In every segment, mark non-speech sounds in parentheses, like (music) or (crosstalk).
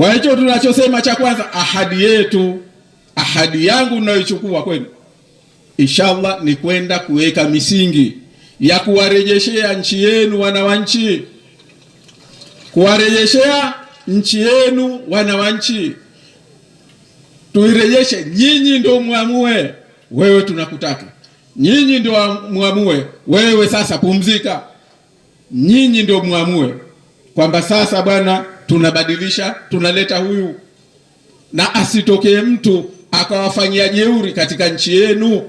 Kwa hicho tunachosema cha kwanza, ahadi yetu, ahadi yangu nayoichukua kwenu, inshallah ni kwenda kuweka misingi ya kuwarejeshea nchi yenu wananchi, kuwarejeshea nchi yenu wananchi, tuirejeshe. Nyinyi ndio muamue, wewe tunakutaka nyinyi ndio muamue, wewe sasa pumzika. Nyinyi ndio muamue kwamba sasa bwana tunabadilisha, tunaleta huyu, na asitokee mtu akawafanyia jeuri katika nchi yenu.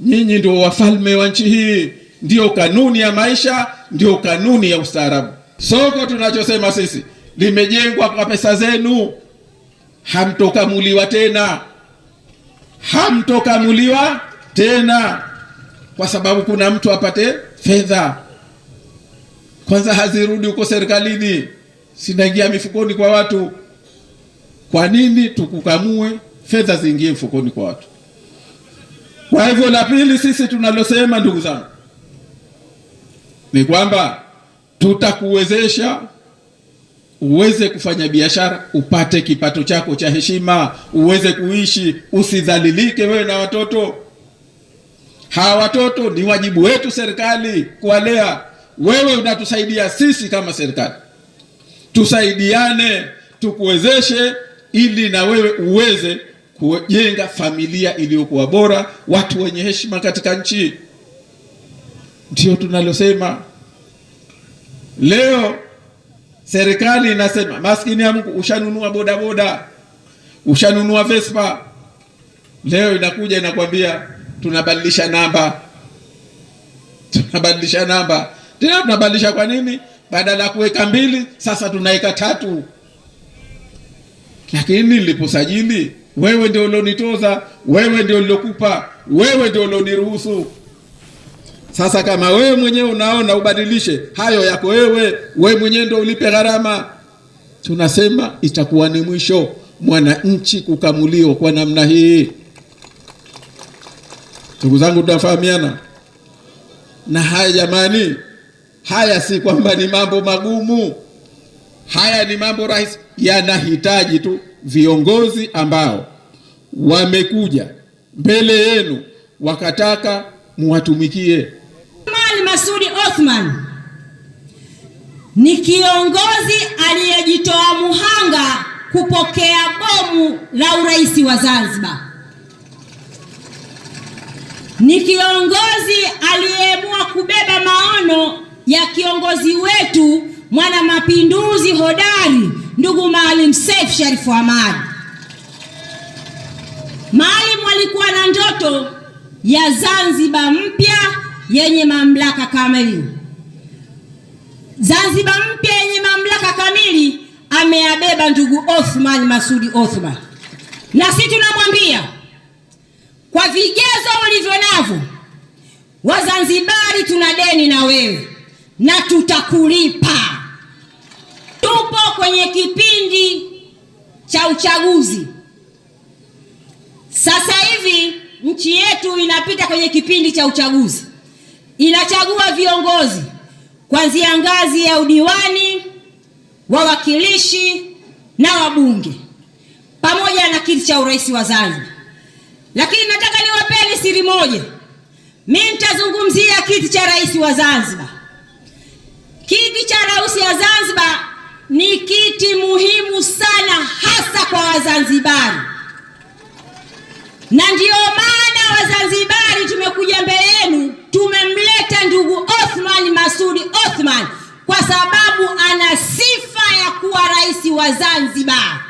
Nyinyi ndio wafalme wa nchi hii, ndio kanuni ya maisha, ndio kanuni ya ustaarabu. Soko tunachosema sisi limejengwa kwa pesa zenu, hamtokamuliwa tena, hamtokamuliwa tena kwa sababu kuna mtu apate fedha kwanza, hazirudi huko serikalini sinaingia mifukoni kwa watu. Kwa nini tukukamue fedha ziingie mfukoni kwa watu? Kwa hivyo, la pili sisi tunalosema ndugu zangu ni kwamba tutakuwezesha uweze kufanya biashara, upate kipato chako cha heshima, uweze kuishi, usidhalilike wewe na watoto hawa. Watoto ni wajibu wetu serikali kuwalea. Wewe unatusaidia sisi kama serikali tusaidiane, tukuwezeshe ili na wewe uweze kujenga familia iliyokuwa bora, watu wenye heshima katika nchi. Ndio tunalosema leo. Serikali inasema maskini ya Mungu, ushanunua bodaboda, ushanunua Vespa, leo inakuja inakwambia tunabadilisha namba, (laughs) tunabadilisha namba tena. Tunabadilisha kwa nini? badala ya kuweka mbili sasa tunaweka tatu. Lakini liposajili wewe ndio ulionitoza, wewe ndio uliokupa, wewe ndio ulioniruhusu. Sasa kama wewe mwenyewe unaona ubadilishe hayo yako, wewe wewe mwenyewe ndio ulipe gharama. Tunasema itakuwa ni mwisho mwananchi kukamuliwa kwa namna hii. Ndugu zangu, tunafahamiana na haya jamani. Haya si kwamba ni mambo magumu, haya ni mambo rahisi, yanahitaji tu viongozi ambao wamekuja mbele yenu wakataka muwatumikie. Masudi Othman ni kiongozi aliyejitoa muhanga kupokea bomu la urais wa Zanzibar. Ni kiongozi aliyeamua kubeba maono ya kiongozi wetu mwana mapinduzi hodari ndugu Maalim Seif Sharif Hamad. Maalim alikuwa na ndoto ya Zanzibar mpya yenye mamlaka kamili. Zanzibar mpya yenye mamlaka kamili ameyabeba ndugu Othman Masudi Othman, na sisi tunamwambia kwa vigezo ulivyo navyo, Wazanzibari tuna deni na wewe na tutakulipa. Tupo kwenye kipindi cha uchaguzi sasa hivi, nchi yetu inapita kwenye kipindi cha uchaguzi, inachagua viongozi kuanzia ngazi ya udiwani, wawakilishi na wabunge, pamoja na kiti cha urais wa Zanzibar. Lakini nataka niwapeni siri moja, mimi nitazungumzia kiti cha rais wa Zanzibar. Kiti cha Rausi ya Zanzibar ni kiti muhimu sana, hasa kwa Wazanzibari, na ndiyo maana Wazanzibari tumekuja mbele yenu, tumemleta ndugu Othman Masudi Othman kwa sababu ana sifa ya kuwa rais wa Zanzibar.